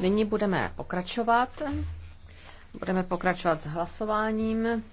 Nyní budeme pokračovat. Budeme pokračovat s hlasováním.